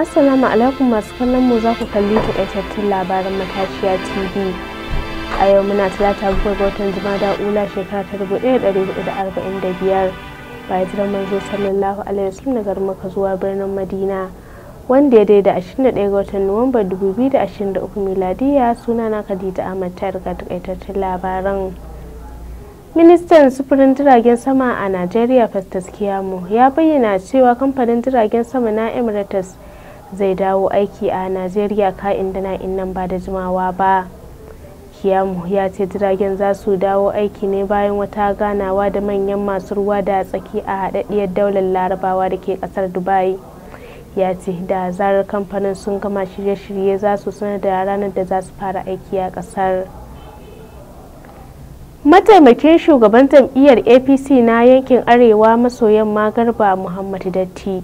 Assalamu alaikum masu kallon mu za ku kalli takaitattun labaran matashiya TV. A yau muna talata bakwai ga watan da Ula shekara ta dubu ɗaya ɗari hudu da arba'in da biyar. Bayan jiran manzo sallallahu alaihi wasallam daga maka zuwa birnin Madina. Wanda ya daida ashirin da ɗaya ga watan Nuwamba dubu biyu da ashirin da uku miladiya suna na Khadija Ahmad ta daga takaitattun labaran. ministan sufurin jiragen sama a najeriya festus kiyamo ya bayyana cewa kamfanin jiragen sama na emirates zai dawo aiki a najeriya ka'in da in nan ba da jimawa ba kiyamu ya ce jiragen za su dawo aiki ne bayan wata ganawa da manyan masu ruwa da tsaki a haɗaɗɗiyar daular larabawa da ke ƙasar dubai ya ce da zarar kamfanin sun gama shirye-shirye za su sanar da ranar da za su fara aiki a ƙasar mataimakin shugaban jam'iyyar apc na yankin arewa maso yamma garba muhammad datti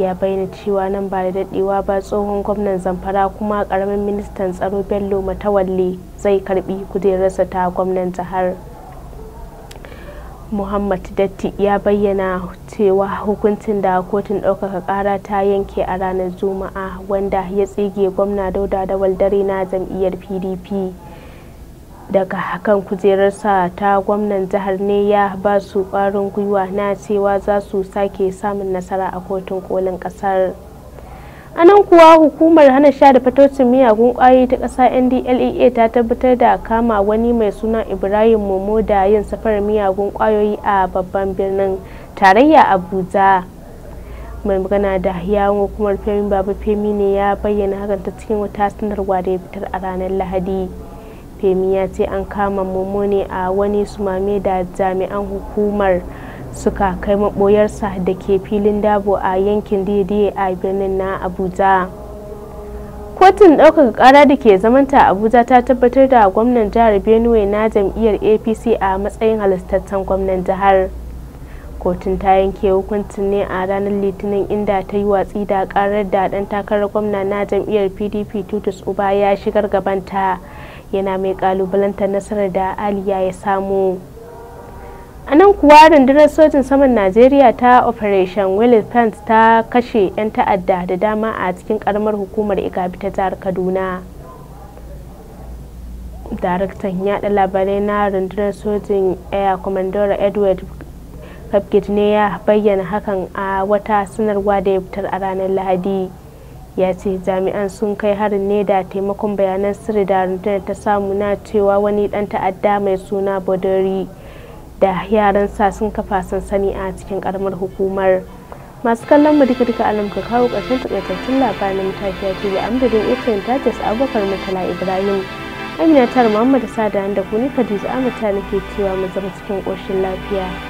ya bayyana cewa nan ba da daɗewa ba tsohon gwamnan zamfara kuma ƙaramin ministan tsaro bello matawalle zai karbi kujerarsa ta gwamnan jihar muhammad datti ya bayyana cewa hukuncin da kotun ɗaukaka ƙara ta yanke a ranar juma'a wanda ya tsige gwamna dauda da waldare na jam'iyyar pdp daga hakan kujerarsa ta gwamnan jihar ne ya ba su kwarin gwiwa na cewa za su sake samun nasara a kotun kolin kasar a nan kuwa hukumar hana sha da fatocin miyagun kwayoyi ta ƙasa ndlea ta tabbatar da kama wani mai suna ibrahim momo da yin safarar miyagun kwayoyi a babban birnin tarayya abuja mai magana da yawon hukumar femi baba femi ne ya bayyana hakan ta cikin wata sanarwa da ya fitar a ranar lahadi femi ya ce an kama momo a wani sumame da jami'an hukumar suka kai maboyarsa da ke filin dabo a yankin daidai a birnin na abuja kotun ɗaukaka kara da ke zamanta abuja ta tabbatar da gwamnan jihar benue na jam'iyyar apc a matsayin halittattun gwamnan jihar kotun ta yanke hukuncin ne a ranar litinin inda ta yi watsi da karar da ɗan takarar gwamna na jam'iyyar pdp tutus uba ya shigar gabanta yana mai kalubalantar nasarar da aliya ya samu a nan kuwa rundunar sojin saman najeriya ta operation willis pence ta kashe 'yan ta'adda da dama a cikin karamar hukumar igabi ta jihar kaduna daraktan yada labarai na rundunar sojin air commodore edward kafgit ne ya bayyana hakan a wata sanarwa da ya fitar a ranar lahadi ya ce jami'an sun kai harin ne da taimakon bayanan sirri da rundunar ta samu na cewa wani dan ta'adda mai suna bodori da yaransa sun kafa sansani a cikin karamar hukumar masu kallon mu duka duka alam ka kawo ƙarshen takaitattun labarin a tv amdadin ta ce abubakar mutala ibrahim amina tar muhammad sada da ku ne khadija amata nake cewa mu zama cikin koshin lafiya